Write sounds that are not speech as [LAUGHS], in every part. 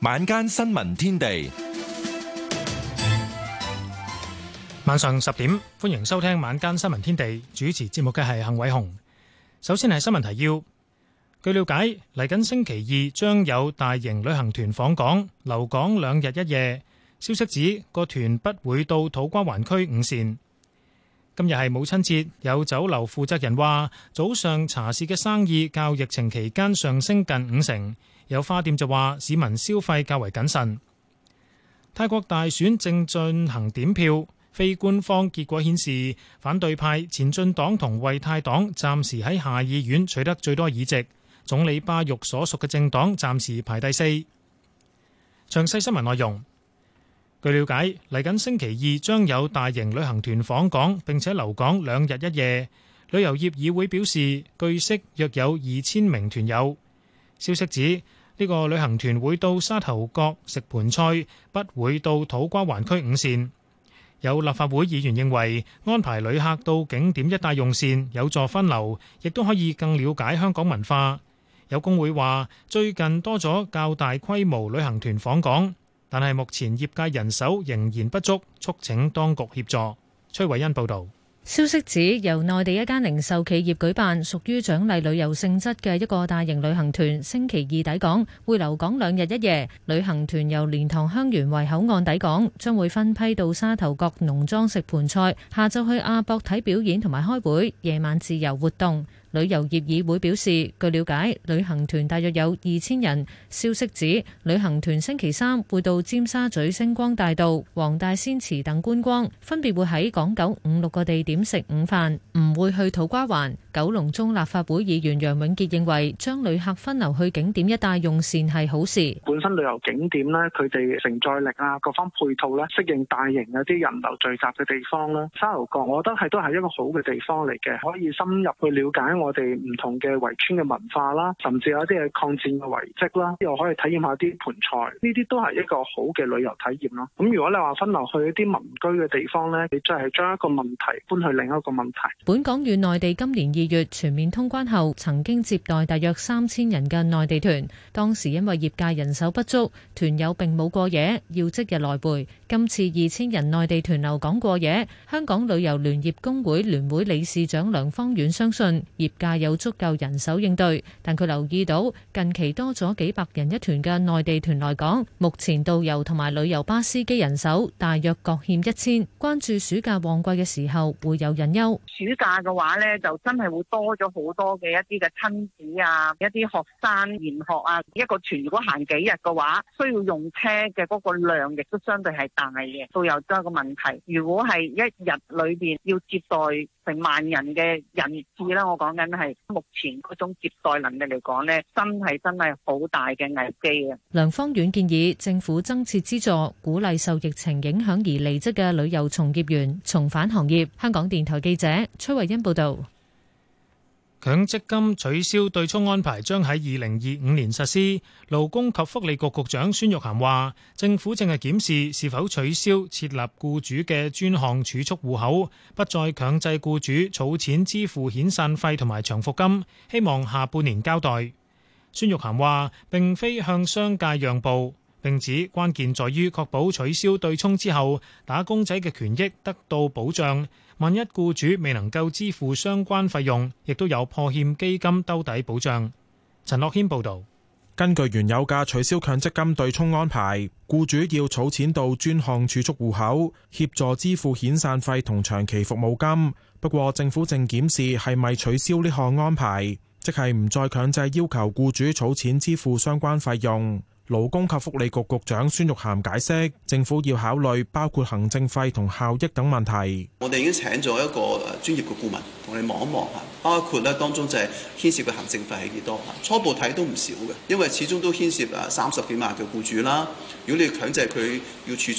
晚間新聞天地，晚上十點，歡迎收聽晚間新聞天地主持節目嘅係幸偉雄。首先係新聞提要，據了解嚟緊星期二將有大型旅行團訪港，留港兩日一夜。消息指個團不會到土瓜灣區五善。今日係母親節，有酒樓負責人話，早上茶市嘅生意較疫情期間上升近五成。有花店就話：市民消費較為謹慎。泰國大選正進行點票，非官方結果顯示，反對派前進黨同為泰黨暫時喺下議院取得最多議席，總理巴育所屬嘅政黨暫時排第四。詳細新聞內容，據了解，嚟緊星期二將有大型旅行團訪港，並且留港兩日一夜。旅遊業議會表示，據悉約有二千名團友。消息指，呢個旅行團會到沙頭角食盆菜，不會到土瓜灣區五線。有立法會議員認為安排旅客到景點一帶用膳有助分流，亦都可以更了解香港文化。有工會話最近多咗較大規模旅行團訪港，但係目前業界人手仍然不足，促請當局協助。崔偉恩報導。消息指，由內地一間零售企業舉辦，屬於獎勵旅遊性質嘅一個大型旅行團，星期二抵港，會留港兩日一夜。旅行團由蓮塘香園圍口岸抵港，將會分批到沙頭角農莊食盆菜，下晝去亞博睇表演同埋開會，夜晚自由活動。旅遊業議會表示，據了解，旅行團大約有我哋唔同嘅圍村嘅文化啦，甚至有一啲嘅抗戰嘅遺迹啦，又可以體驗下啲盆菜，呢啲都係一個好嘅旅遊體驗咯。咁如果你話分流去一啲民居嘅地方呢，你真係將一個問題搬去另一個問題。本港與內地今年二月全面通關後，曾經接待大約三千人嘅內地團，當時因為業界人手不足，團友並冇過夜，要即日來回。今次二千人內地團留港過夜，香港旅遊聯業工會聯會理事長梁方遠相信業。假有足夠人手應對，但佢留意到近期多咗幾百人一團嘅內地團來港。目前導遊同埋旅遊巴司機人手大約各欠一千，關注暑假旺季嘅時候會有人憂。暑假嘅話呢，就真係會多咗好多嘅一啲嘅親子啊，一啲學生研學啊，一個團如果行幾日嘅話，需要用車嘅嗰個量亦都相對係大嘅，導遊都係個問題。如果係一日裏邊要接待成萬人嘅人次啦，我講緊。真係目前嗰種接待能力嚟講呢，真係真係好大嘅危機啊！梁方遠建議政府增設資助，鼓勵受疫情影響而離職嘅旅遊從業員重返行業。香港電台記者崔慧欣報道。強積金取消對沖安排將喺二零二五年實施。勞工及福利局局長孫玉菡話：政府正係檢視是否取消設立僱主嘅專項儲蓄戶口，不再強制僱主儲錢支付遣散費同埋長服金。希望下半年交代。孫玉菡話：並非向商界讓步。並指關鍵在於確保取消對沖之後，打工仔嘅權益得到保障。萬一僱主未能夠支付相關費用，亦都有破欠基金兜底保障。陳樂軒報導。根據原有嘅取消強積金對沖安排，僱主要儲錢到專項儲蓄戶口，協助支付遣散費同長期服務金。不過政府正檢視係咪取消呢項安排，即係唔再強制要求僱主儲錢支付相關費用。勞工及福利局局長孫玉菡解釋，政府要考慮，包括行政費同效益等問題。我哋已經請咗一個專業嘅顧問同你望一望吓，包括咧當中就係牽涉嘅行政費係幾多吓。初步睇都唔少嘅，因為始終都牽涉誒三十幾萬嘅雇主啦。如果你強制佢要儲蓄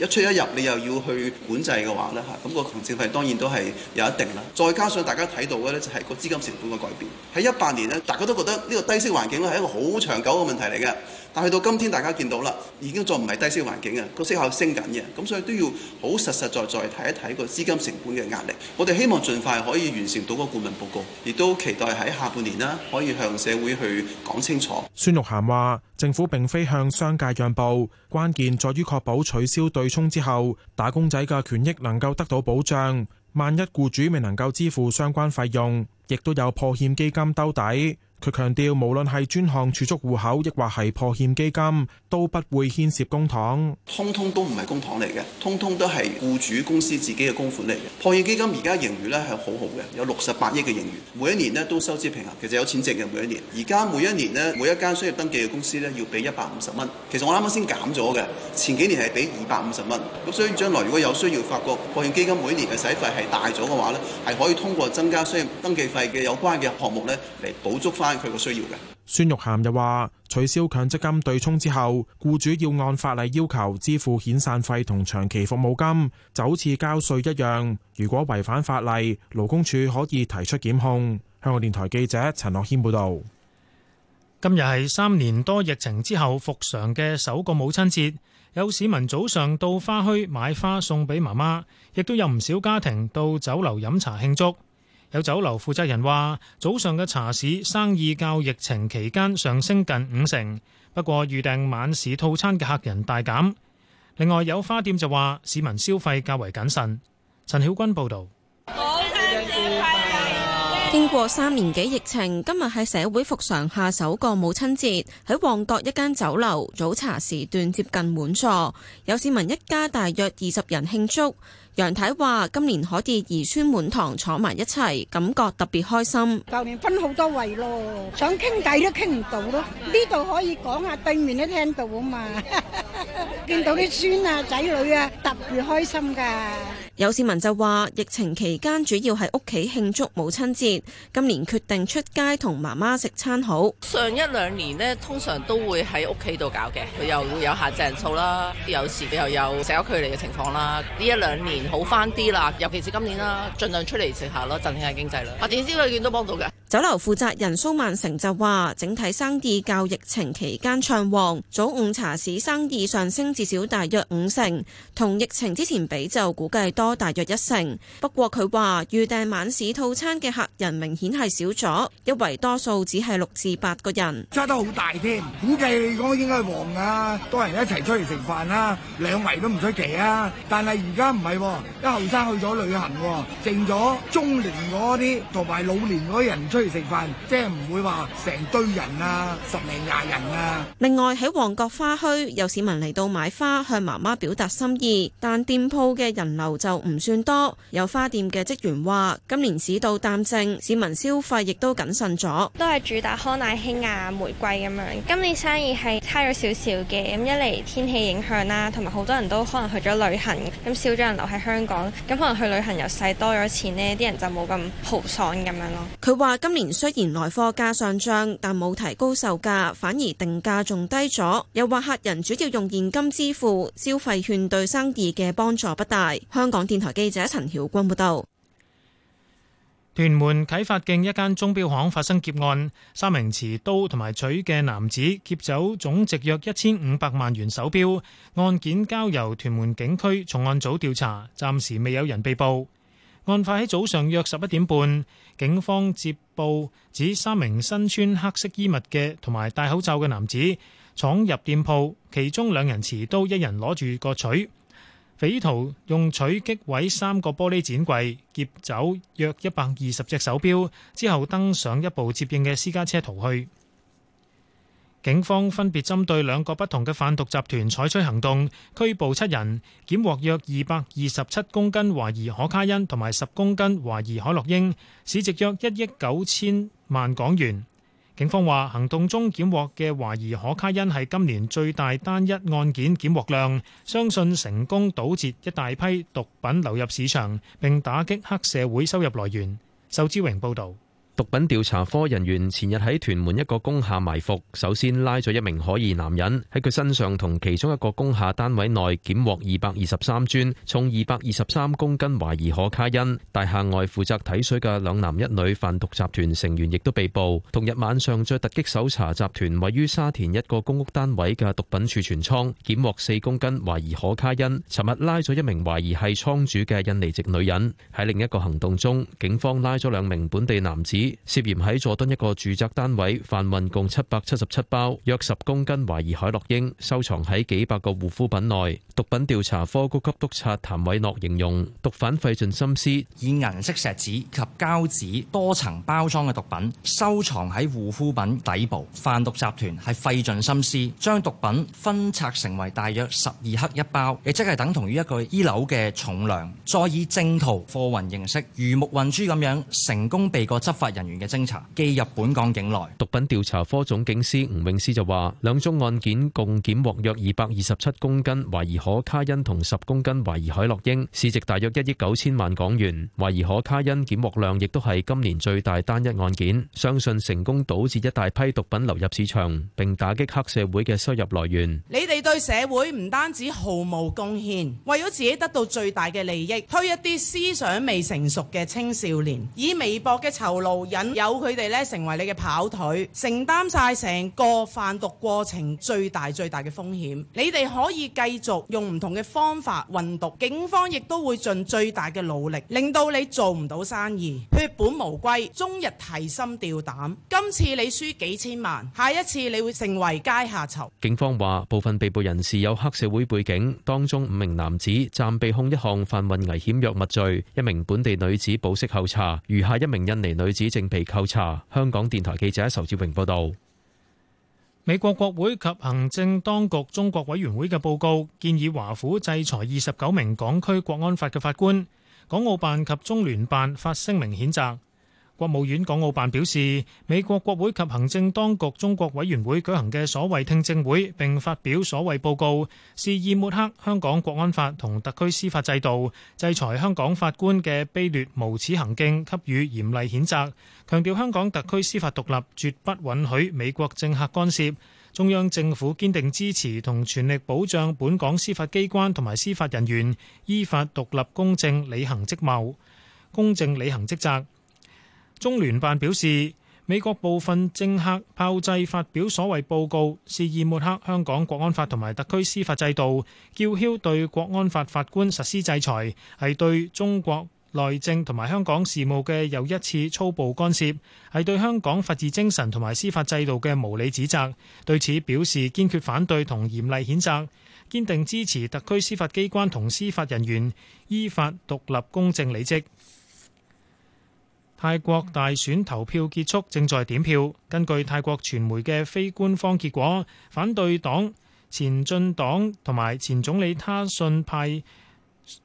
一出一入，你又要去管制嘅話咧吓，咁個行政費當然都係有一定啦。再加上大家睇到嘅咧就係個資金成本嘅改變，喺一八年呢，大家都覺得呢個低息環境咧係一個好長久嘅問題嚟嘅。但去到今天，大家見到啦，已經再唔係低息環境啊，個息口升緊嘅，咁所以都要好實實在在睇一睇個資金成本嘅壓力。我哋希望盡快可以完成到個顧問報告，亦都期待喺下半年啦，可以向社會去講清楚。孫玉菡話：政府並非向商界讓步，關鍵在於確保取消對沖之後，打工仔嘅權益能夠得到保障。萬一雇主未能夠支付相關費用，亦都有破欠基金兜底。佢強調，無論係專項儲蓄戶口，亦或係破欠基金，都不會牽涉公帑，通通都唔係公帑嚟嘅，通通都係僱主公司自己嘅公款嚟嘅。破欠基金而家盈餘咧係好好嘅，有六十八億嘅盈餘，每一年呢都收支平衡，其實有錢剩嘅每一年。而家每一年呢，每一間商業登記嘅公司呢要俾一百五十蚊，其實我啱啱先減咗嘅，前幾年係俾二百五十蚊。咁所以將來如果有需要發覺破欠基金每年嘅使費係大咗嘅話呢，係可以通過增加商業登記費嘅有關嘅項目呢嚟補足翻。孫玉涵又話：取消強積金對沖之後，僱主要按法例要求支付遣散費同長期服務金，就好似交稅一樣。如果違反法例，勞工處可以提出檢控。香港電台記者陳樂軒報導。今日係三年多疫情之後復常嘅首個母親節，有市民早上到花墟買花送俾媽媽，亦都有唔少家庭到酒樓飲茶慶祝。有酒樓負責人話：早上嘅茶市生意較疫情期間上升近五成，不過預訂晚市套餐嘅客人大減。另外有花店就話市民消費較為謹慎。陳曉君報導。託經過三年幾疫情，今日喺社會復常下首個母親節，喺旺角一間酒樓早茶時段接近滿座，有市民一家大約二十人慶祝。楊太話：今年可以兒孫滿堂坐埋一齊，感覺特別開心。舊年分好多位咯，想傾偈都傾唔到咯。呢度可以講下，對面都聽到啊嘛。 [LAUGHS] 見到啲孫啊、仔女啊，特別開心噶。有市民就話：疫情期間主要喺屋企慶祝母親節，今年決定出街同媽媽食餐好。上一兩年呢，通常都會喺屋企度搞嘅，佢又會有限制人數啦，有時又有社交距離嘅情況啦。呢一兩年好翻啲啦，尤其是今年啦，儘量出嚟食下咯，振興下經濟啦。啊，點知佢點都幫到㗎？酒樓負責人蘇萬成就話，整體生意較疫情期間暢旺，早午茶市生意上升至少大約五成，同疫情之前比就估計多大約一成。不過佢話預訂晚市套餐嘅客人明顯係少咗，一圍多數只係六至八個人。差得好大添，估計嚟講應該旺㗎，多人一齊出嚟食飯啦，兩圍都唔出奇啊。但係而家唔係，一後生去咗旅行，剩咗中年嗰啲同埋老年嗰啲人出。食飯即係唔會話成堆人啊，十零廿人啊。另外喺旺角花墟有市民嚟到買花向媽媽表達心意，但店鋪嘅人流就唔算多。有花店嘅職員話：今年市道淡靜，市民消費亦都謹慎咗。都係主打康乃馨啊、玫瑰咁樣，今年生意係差咗少少嘅。咁一嚟天氣影響啦，同埋好多人都可能去咗旅行，咁少咗人留喺香港，咁可能去旅行又使多咗錢呢，啲人就冇咁豪爽咁樣咯。佢話今。今年雖然來貨價上漲，但冇提高售價，反而定價仲低咗。又話客人主要用現金支付，消費券對生意嘅幫助不大。香港電台記者陳曉君報道。屯門啟發徑一間鐘錶行發生劫案，三名持刀同埋取嘅男子劫走總值約一千五百萬元手錶，案件交由屯門警區重案組調查，暫時未有人被捕。案發喺早上約十一點半，警方接報指三名身穿黑色衣物嘅同埋戴口罩嘅男子闖入店鋪，其中兩人持刀，一人攞住個錘。匪徒用錘擊毀三個玻璃展櫃，劫走約一百二十隻手錶，之後登上一部接應嘅私家車逃去。警方分別針對兩個不同嘅販毒集團採取行動，拘捕七人，檢獲約二百二十七公斤懷疑可卡因同埋十公斤懷疑海洛英，市值約一億九千萬港元。警方話，行動中檢獲嘅懷疑可卡因係今年最大單一案件檢獲量，相信成功堵截一大批毒品流入市場，並打擊黑社會收入來源。仇志榮報導。毒品調查科人員前日喺屯門一個工廈埋伏，首先拉咗一名可疑男人，喺佢身上同其中一個工廈單位內檢獲二百二十三磚，重二百二十三公斤懷疑可卡因。大廈外負責睇水嘅兩男一女販毒集團成員亦都被捕。同日晚上再突擊搜查集團位於沙田一個公屋單位嘅毒品儲存倉，檢獲四公斤懷疑可卡因。尋日拉咗一名懷疑係倉主嘅印尼籍女人。喺另一個行動中，警方拉咗兩名本地男子，涉嫌喺佐敦一個住宅單位販運共七百七十七包約十公斤懷疑海洛英，收藏喺幾百個護膚品內。毒品調查科高級督察譚偉諾形容，毒販費盡心思，以銀色錫紙及膠紙多層包裝嘅毒品收藏喺護膚品底部。販毒集團係費盡心思，將毒品分拆成為大約十二克一包，亦即係等同於一個衣紐嘅重量，再以正途貨運形式如木運珠咁樣成功避過執法。人員嘅偵查寄入本港境內。毒品調查科總警司吳永斯就話：兩宗案件共檢獲約二百二十七公斤懷疑可卡因同十公斤懷疑海洛因，市值大約一億九千萬港元。懷疑可卡因檢獲量亦都係今年最大單一案件。相信成功堵截一大批毒品流入市場，並打擊黑社會嘅收入來源。你哋對社會唔單止毫無貢獻，為咗自己得到最大嘅利益，推一啲思想未成熟嘅青少年，以微薄嘅酬勞。引誘佢哋咧成為你嘅跑腿，承擔曬成個販毒過程最大最大嘅風險。你哋可以繼續用唔同嘅方法運毒，警方亦都會盡最大嘅努力，令到你做唔到生意，血本無歸，終日提心吊膽。今次你輸幾千萬，下一次你會成為階下囚。警方話，部分被捕人士有黑社會背景，當中五名男子暫被控一項販運危險藥物罪，一名本地女子保釋候查，餘下一名印尼女子，正被扣查。香港電台記者仇志榮報道，美國國會及行政當局中國委員會嘅報告建議華府制裁二十九名港區國安法嘅法官。港澳辦及中聯辦發聲明譴責。國務院港澳辦表示，美國國會及行政當局中國委員會舉行嘅所謂聽證會，並發表所謂報告，肆意抹黑香港國安法同特區司法制度，制裁香港法官嘅卑劣無恥行徑，給予嚴厲譴責，強調香港特區司法獨立絕不允許美國政客干涉。中央政府堅定支持同全力保障本港司法機關同埋司法人員依法獨立公正履行職務、公正履行職責。中聯辦表示，美國部分政客炮製發表所謂報告，肆意抹黑香港國安法同埋特區司法制度，叫囂對國安法法官實施制裁，係對中國內政同埋香港事務嘅又一次粗暴干涉，係對香港法治精神同埋司法制度嘅無理指責。對此表示堅決反對同嚴厲譴責，堅定支持特區司法機關同司法人員依法獨立公正履職。泰國大選投票結束，正在點票。根據泰國傳媒嘅非官方結果，反對黨前進黨同埋前總理他信派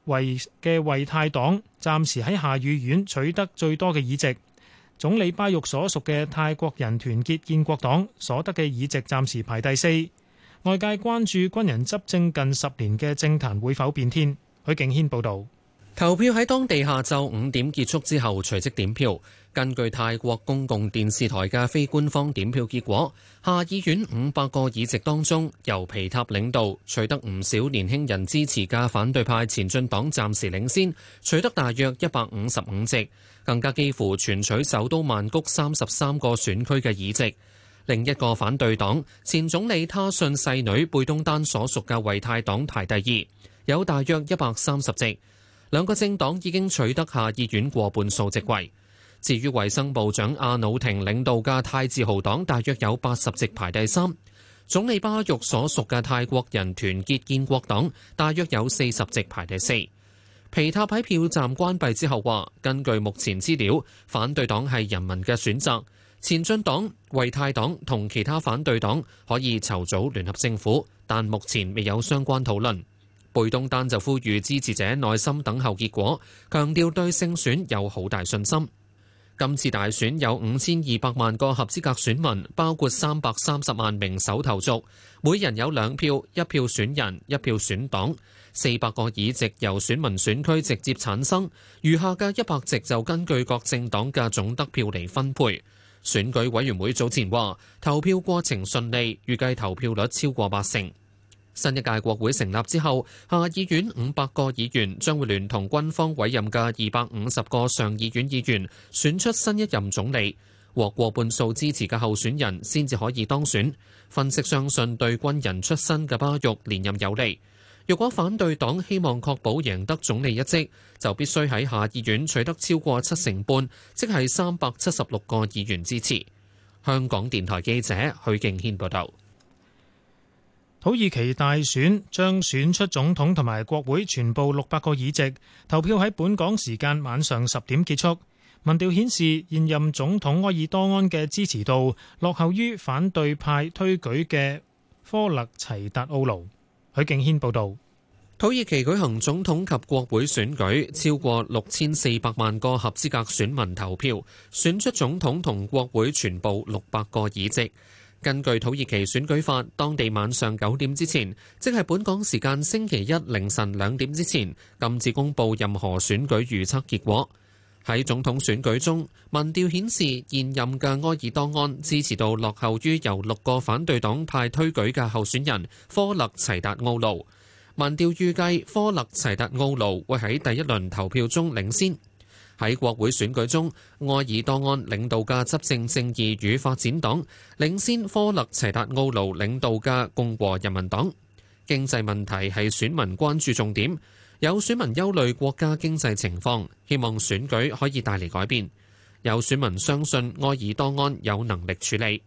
為嘅為泰黨暫時喺下議院取得最多嘅議席。總理巴育所屬嘅泰國人團結建國黨所得嘅議席暫時排第四。外界關注軍人執政近十年嘅政壇會否變天。許敬軒報道。投票喺當地下晝五點結束之後，隨即點票。根據泰國公共電視台嘅非官方點票結果，下議院五百個議席當中，由皮塔領導、取得唔少年輕人支持嘅反對派前進黨暫時領先，取得大約一百五十五席，更加幾乎全取首都曼谷三十三個選區嘅議席。另一個反對黨前總理他信細女貝東丹所屬嘅維泰黨排第二，有大約一百三十席。兩個政黨已經取得下議院過半數席位。至於衞生部長阿努廷領導嘅泰自豪黨，大約有八十席排第三。總理巴育所屬嘅泰國人團結建國黨，大約有四十席排第四。皮塔喺票站關閉之後話：根據目前資料，反對黨係人民嘅選擇。前進黨、為泰黨同其他反對黨可以籌組聯合政府，但目前未有相關討論。貝東丹就呼籲支持者耐心等候結果，強調對勝選有好大信心。今次大選有五千二百萬個合資格選民，包括三百三十萬名首投族，每人有兩票，一票選人，一票選黨。四百個議席由選民選區直接產生，餘下嘅一百席就根據各政黨嘅總得票嚟分配。選舉委員會早前話，投票過程順利，預計投票率超過八成。新一屆國會成立之後，下議院五百個議員將會聯同軍方委任嘅二百五十個上議院議員選出新一任總理，獲過半數支持嘅候選人先至可以當選。分析相信對軍人出身嘅巴育連任有利。如果反對黨希望確保贏得總理一職，就必須喺下議院取得超過七成半，即係三百七十六個議員支持。香港電台記者許敬軒報道。土耳其大選將選出總統同埋國會全部六百個議席，投票喺本港時間晚上十點結束。民調顯示現任總統埃爾多安嘅支持度落後於反對派推舉嘅科勒齊達奧盧。許敬軒報道：土耳其舉行總統及國會選舉，超過六千四百萬個合資格選民投票，選出總統同國會全部六百個議席。根據土耳其選舉法，當地晚上九點之前，即係本港時間星期一凌晨兩點之前，禁止公佈任何選舉預測結果。喺總統選舉中，民調顯示現任嘅埃爾多安支持度落後於由六個反對黨派推舉嘅候選人科勒齊達奧路。民調預計科勒齊達奧路會喺第一輪投票中領先。喺國會選舉中，愛爾多安領導嘅執政正義與發展黨領先科勒齊達奧盧領導嘅共和人民黨。經濟問題係選民關注重點，有選民憂慮國家經濟情況，希望選舉可以帶嚟改變。有選民相信愛爾多安有能力處理。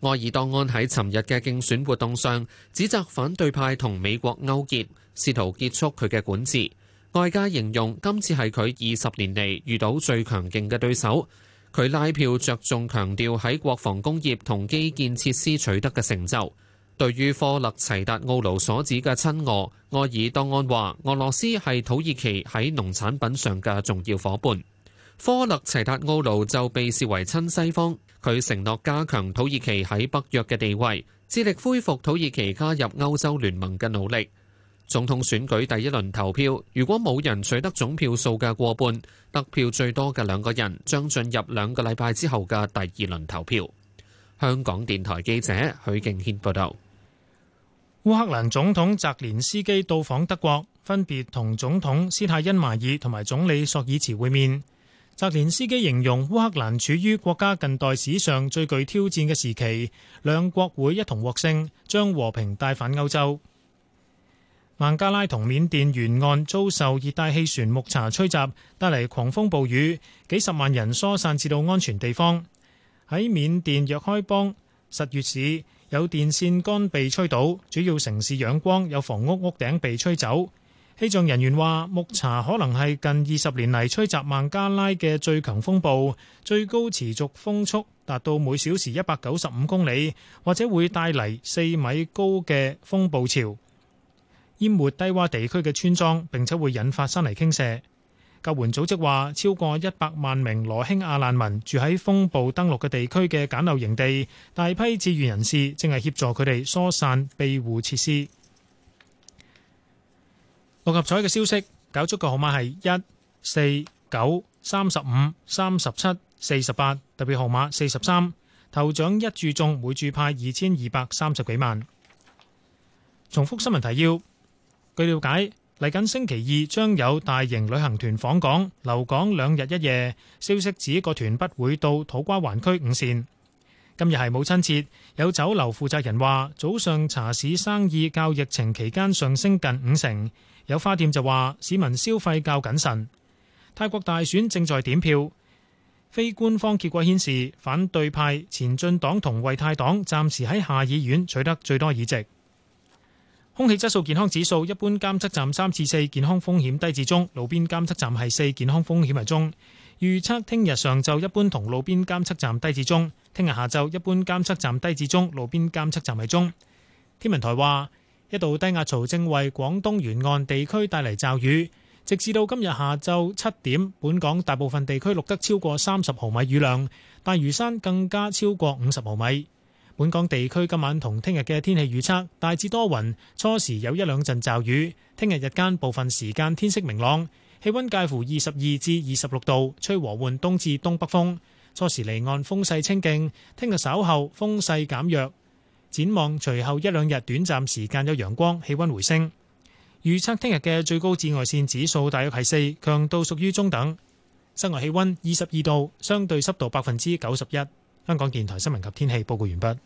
愛爾多安喺尋日嘅競選活動上，指責反對派同美國勾結，試圖結束佢嘅管治。外界形容今次係佢二十年嚟遇到最強勁嘅對手，佢拉票着重強調喺國防工業同基建設施取得嘅成就。對於科勒齊達奧盧所指嘅親俄，愛爾多安話俄羅斯係土耳其喺農產品上嘅重要夥伴。科勒齊達奧盧就被視為親西方，佢承諾加強土耳其喺北約嘅地位，致力恢復土耳其加入歐洲聯盟嘅努力。總統選舉第一輪投票，如果冇人取得總票數嘅過半，得票最多嘅兩個人將進入兩個禮拜之後嘅第二輪投票。香港電台記者許敬軒報道。烏克蘭總統澤連斯基到訪德國，分別同總統施泰因邁爾同埋總理索爾茨會面。澤連斯基形容烏克蘭處於國家近代史上最具挑戰嘅時期，兩國會一同獲勝，將和平帶返歐洲。孟加拉同緬甸沿岸遭受熱帶氣旋木查吹襲，帶嚟狂風暴雨，幾十萬人疏散至到安全地方。喺緬甸若開邦實兌市有電線杆被吹倒，主要城市仰光有房屋屋頂被吹走。氣象人員話，木查可能係近二十年嚟吹襲孟加拉嘅最強風暴，最高持續風速達到每小時一百九十五公里，或者會帶嚟四米高嘅風暴潮。淹沒低洼地區嘅村莊，並且會引發山泥傾瀉。救援組織話，超過一百萬名羅興亞難民住喺風暴登陸嘅地區嘅簡陋營地，大批志願人士正系協助佢哋疏散庇護設施。六合彩嘅消息，搞足嘅號碼係一四九三十五三十七四十八，特別號碼四十三，頭獎一注中，每注派二千二百三十幾萬。重複新聞提要。據了解，嚟緊星期二將有大型旅行團訪港，留港兩日一夜。消息指個團不會到土瓜灣區五線。今日係母親節，有酒樓負責人話早上茶市生意較疫情期間上升近五成。有花店就話市民消費較謹慎。泰國大選正在點票，非官方結果顯示反對派前進黨同為泰黨暫時喺下議院取得最多議席。空氣質素健康指數一般監測站三至四，健康風險低至中；路邊監測站係四，健康風險係中。預測聽日上晝一般同路邊監測站低至中，聽日下晝一般監測站低至中，路邊監測站係中。天文台話，一度低壓槽正為廣東沿岸地區帶嚟驟雨，直至到今日下晝七點，本港大部分地區錄得超過三十毫米雨量，大嶼山更加超過五十毫米。本港地區今晚同聽日嘅天氣預測，大致多雲，初時有一兩陣驟雨。聽日日間部分時間天色明朗，氣溫介乎二十二至二十六度，吹和緩東至東北風。初時離岸風勢清勁，聽日稍後風勢減弱。展望隨後一兩日短暫時間有陽光，氣溫回升。預測聽日嘅最高紫外線指數大約係四，強度屬於中等。室外氣溫二十二度，相對濕度百分之九十一。香港電台新聞及天氣報告完畢。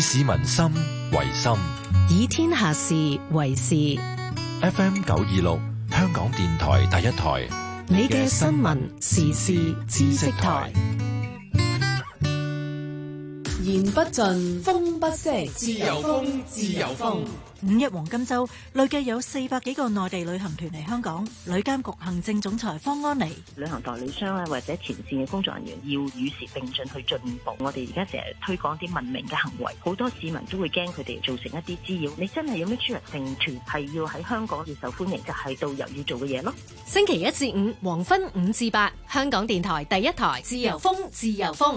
以市民心為心，以天下事為事。FM 九二六，香港電台第一台，你嘅新聞時事知識台。言不盡，風不息，自由風，自由風。五一黃金周累計有四百幾個內地旅行團嚟香港，旅監局行政總裁方安妮：旅行代理商啊或者前線嘅工作人員要與時並進去進步。我哋而家成日推廣啲文明嘅行為，好多市民都會驚佢哋造成一啲滋擾。你真係有咩出入定團係要喺香港越受歡迎就係導遊要做嘅嘢咯。星期一至五黃昏五至八，香港電台第一台，自由風，自由風。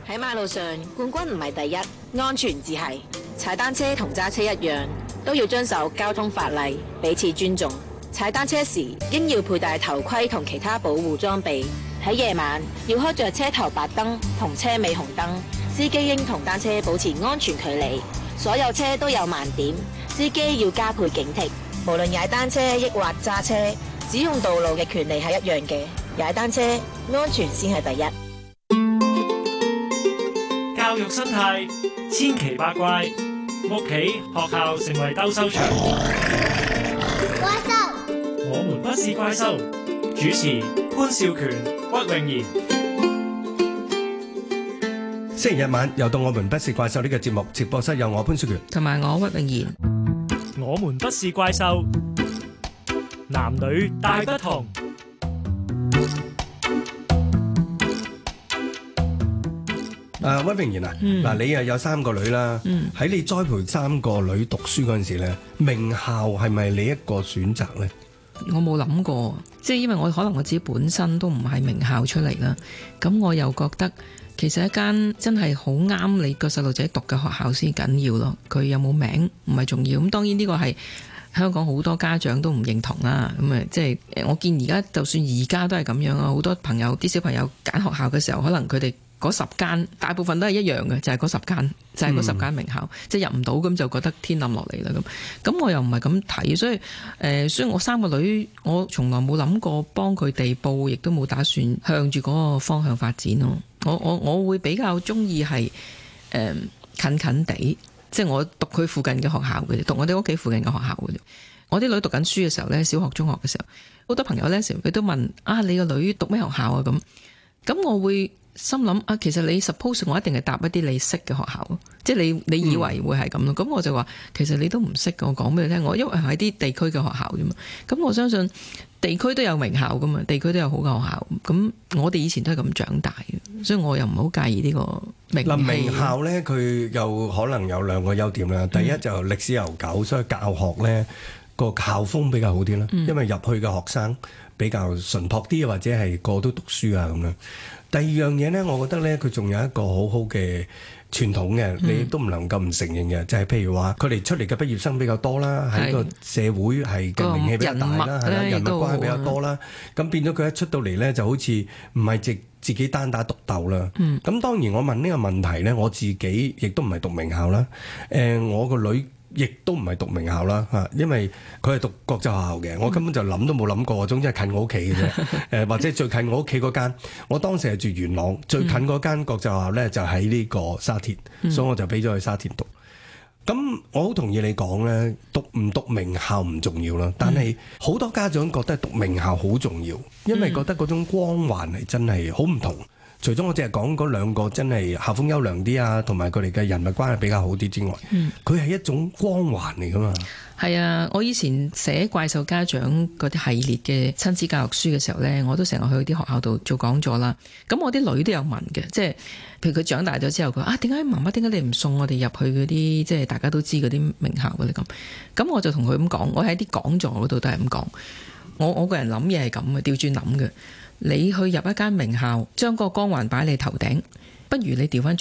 喺馬路上，冠軍唔係第一，安全至係。踩單車同揸車一樣，都要遵守交通法例，彼此尊重。踩單車時，應要佩戴頭盔同其他保護裝備。喺夜晚，要開着車頭白燈同車尾紅燈。司機應同單車保持安全距離。所有車都有盲點，司機要加倍警惕。無論踩單車抑或揸車，使用道路嘅權利係一樣嘅。踩單車，安全先係第一。教育生態千奇百怪，屋企、學校成為鬥獸場。怪獸，我們不是怪獸。主持潘少權、屈穎妍。星期日晚又到我們不是怪獸呢、這個節目，直播室有我潘少權，同埋我屈穎妍。我們不是怪獸，男女大不同。誒屈、uh, 明賢啊，嗱、嗯、你啊有三個女啦，喺、嗯、你栽培三個女讀書嗰陣時咧，名校係咪你一個選擇咧？我冇諗過，即係因為我可能我自己本身都唔係名校出嚟啦，咁我又覺得其實一間真係好啱你個細路仔讀嘅學校先緊要咯。佢有冇名唔係重要，咁當然呢個係香港好多家長都唔認同啦。咁誒，即係誒，我見而家就算而家都係咁樣啊，好多朋友啲小朋友揀學校嘅時候，可能佢哋。嗰十間大部分都係一樣嘅，就係嗰十間，就係嗰十間名校，嗯、即係入唔到咁就覺得天冧落嚟啦咁。咁我又唔係咁睇，所以誒，所以我三個女，我從來冇諗過幫佢哋報，亦都冇打算向住嗰個方向發展咯。我我我會比較中意係誒近近地，即係我讀佢附近嘅學校嘅，讀我哋屋企附近嘅學校嘅。我啲女讀緊書嘅時候呢，小學、中學嘅時候，好多朋友呢，成日都問啊，你個女讀咩學校啊咁，咁我會。心諗啊，其實你 suppose 我一定係答一啲你識嘅學校，即係你你以為會係咁咯？咁、嗯、我就話，其實你都唔識，我講俾你聽。我因為係啲地區嘅學校啫嘛，咁我相信地區都有名校噶嘛，地區都有好嘅學校。咁我哋以前都係咁長大嘅，所以我又唔好介意呢個名校名校呢，佢又可能有兩個優點啦。第一就歷史悠久，所以教學呢個校風比較好啲啦。嗯、因為入去嘅學生比較淳樸啲，或者係個個都讀書啊咁樣。第二樣嘢呢，我覺得呢，佢仲有一個好好嘅傳統嘅，嗯、你都唔能夠唔承認嘅，就係、係、譬如話，佢哋出嚟嘅畢業生比較多啦，喺呢個社會係嘅名氣比較大啦，係啦，人物關係比較多啦，咁、嗯、變咗佢一出到嚟呢，就好似唔係直自己單打獨鬥啦。咁、嗯、當然我問呢個問題呢，我自己亦都唔係讀名校啦，誒、呃，我個女。亦都唔係讀名校啦，嚇！因為佢係讀國際學校嘅，嗯、我根本就諗都冇諗過。總之係近我屋企嘅啫，誒 [LAUGHS] 或者最近我屋企嗰間，我當時係住元朗，嗯、最近嗰間國際學校咧就喺、是、呢個沙田，嗯、所以我就俾咗去沙田讀。咁我好同意你講咧，讀唔讀名校唔重要啦，但係好多家長覺得讀名校好重要，因為覺得嗰種光環係真係好唔同。除咗我淨係講嗰兩個真係校風優良啲啊，同埋佢哋嘅人物關係比較好啲之外，佢係、嗯、一種光環嚟噶嘛。係啊，我以前寫怪獸家長嗰啲系列嘅親子教育書嘅時候呢，我都成日去啲學校度做講座啦。咁我啲女都有問嘅，即係譬如佢長大咗之後，佢啊點解媽媽點解你唔送我哋入去嗰啲即係大家都知嗰啲名校嗰啲咁。咁我就同佢咁講，我喺啲講座嗰度都係咁講。我我個人諗嘢係咁嘅，調轉諗嘅。你去入一間名校，將個光環擺你頭頂，不如你調返轉頭。